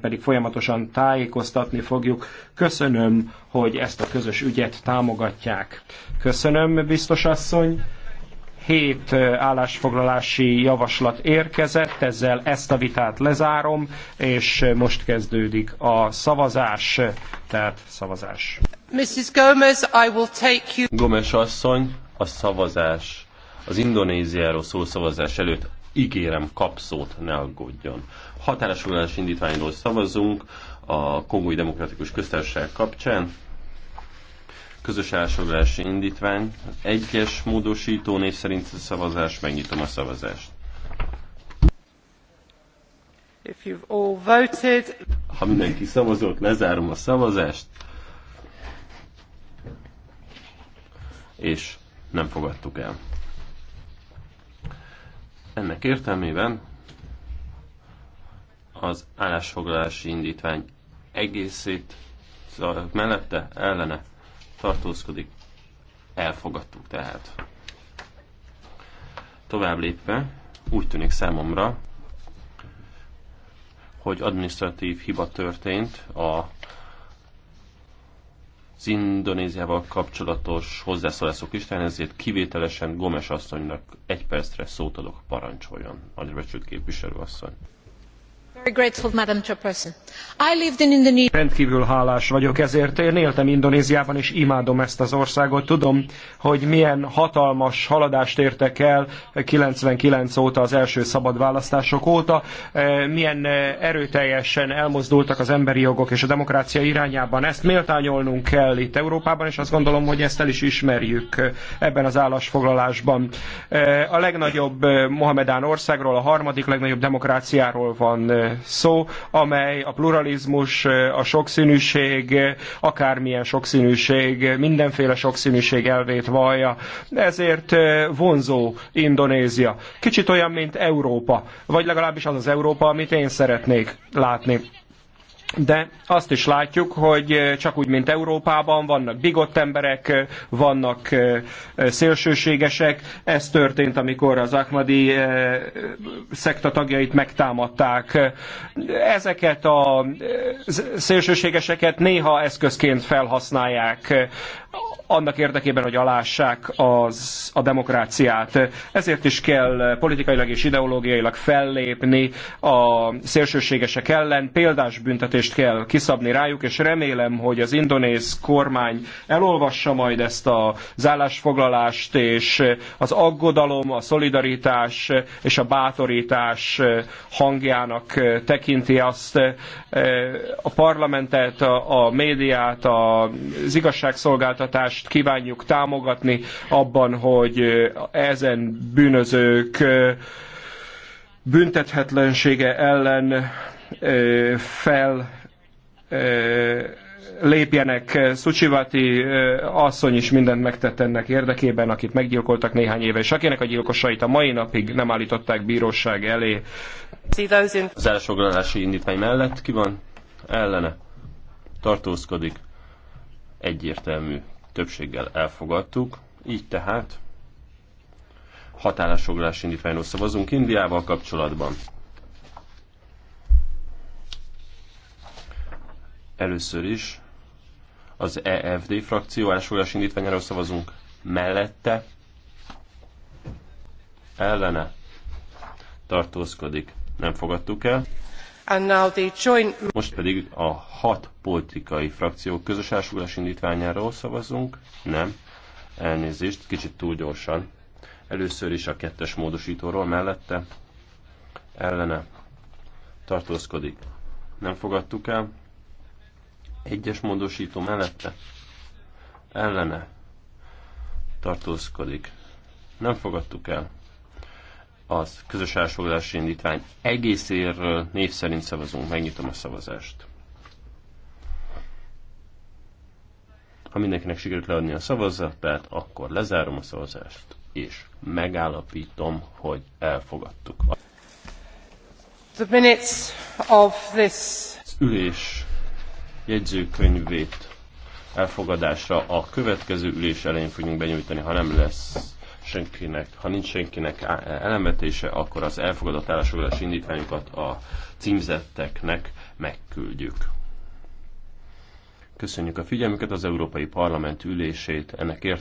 pedig folyamatosan tájékoztatni fogjuk. Köszönöm, hogy ezt a közös ügyet támogatják. Köszönöm, biztos asszony. Hét állásfoglalási javaslat érkezett, ezzel ezt a vitát lezárom, és most kezdődik a szavazás, tehát szavazás. Mrs. Gomez, I will take you... Gomes asszony, a szavazás, az Indonéziáról szó szavazás előtt ígérem, kapszót, ne aggódjon. Határosulás indítványról szavazunk a Kongói Demokratikus Köztársaság kapcsán. Közös elsorolási indítvány, egyes módosító név szerint szavazás, megnyitom a szavazást. If you've all voted... Ha mindenki szavazott, lezárom a szavazást. És nem fogadtuk el. Ennek értelmében az állásfoglalási indítvány egészét mellette ellene tartózkodik. Elfogadtuk tehát. Tovább lépve, úgy tűnik számomra, hogy administratív hiba történt a az Indonéziával kapcsolatos hozzászólások listáján, ezért kivételesen Gomes asszonynak egy percre szót adok, parancsoljon, becsült képviselő asszony rendkvül hálás vagyok ezért. Én éltem Indonéziában, és imádom ezt az országot. Tudom, hogy milyen hatalmas haladást értek el 99 óta, az első szabad választások óta, eh, milyen eh, erőteljesen elmozdultak az emberi jogok és a demokrácia irányában. Ezt méltányolnunk kell itt Európában, és azt gondolom, hogy ezt el is ismerjük eh, ebben az állásfoglalásban. A legnagyobb Mohamedán országról, a harmadik legnagyobb demokráciáról van szó, amely a pluralizmus, a sokszínűség, akármilyen sokszínűség, mindenféle sokszínűség elvét vallja. Ezért eh, vonzó Indonézia. Kicsit olyan, mint Európa, vagy legalábbis az az Európa, amit én szeretnék látni de azt is látjuk, hogy eh, csak úgy, mint Európában, vannak bigott emberek, eh, vannak eh, szélsőségesek. Ez történt, amikor az Ahmadi szekta tagjait megtámadták. Ezeket a szélsőségeseket néha eszközként felhasználják annak érdekében, hogy alássák az, a demokráciát. Ezért is kell politikailag és ideológiailag fellépni a szélsőségesek ellen, példás büntetést kell kiszabni rájuk, és remélem, hogy az indonéz kormány elolvassa majd ezt az állásfoglalást, és az aggodalom, a szolidaritás és a bátorítás hangjának tekinti azt e, a parlamentet, a médiát, az igazságszolgáltatást, egymást kívánjuk támogatni abban, hogy ezen bűnözők büntethetlensége ellen fel lépjenek. Szucsivati asszony is mindent megtett ennek érdekében, akit meggyilkoltak néhány éve, és akinek a gyilkosait a mai napig nem állították bíróság elé. Az elsoglalási indítvány mellett ki van? Ellene. Tartózkodik. Egyértelmű többséggel elfogadtuk, így tehát határásfoglalás indítványról szavazunk Indiával kapcsolatban. Először is az EFD frakció állásfoglalás indítványáról szavazunk mellette, ellene tartózkodik. Nem fogadtuk el. Most pedig a hat politikai frakció közös ásulás indítványáról szavazunk. Nem. Elnézést, kicsit túl gyorsan. Először is a kettes módosítóról mellette. Ellene. Tartózkodik. Nem fogadtuk el. Egyes módosító mellette. Ellene. Tartózkodik. Nem fogadtuk el az közös elsoglási indítvány egészéről név szerint szavazunk. Megnyitom a szavazást. Ha mindenkinek sikerült leadni a szavazatát, akkor lezárom a szavazást, és megállapítom, hogy elfogadtuk. The minutes of this... Az ülés jegyzőkönyvét elfogadásra a következő ülés elején fogjuk benyújtani, ha nem lesz senkinek, ha nincs senkinek elemetése, akkor az elfogadott állásfoglalási indítványokat a címzetteknek megküldjük. Köszönjük a figyelmüket az Európai Parlament ülését ennek ért